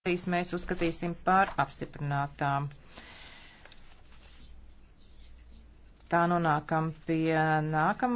Latvijas mēs uzskatīsim par apstiprinātām. Tā nonākam pie nākamā.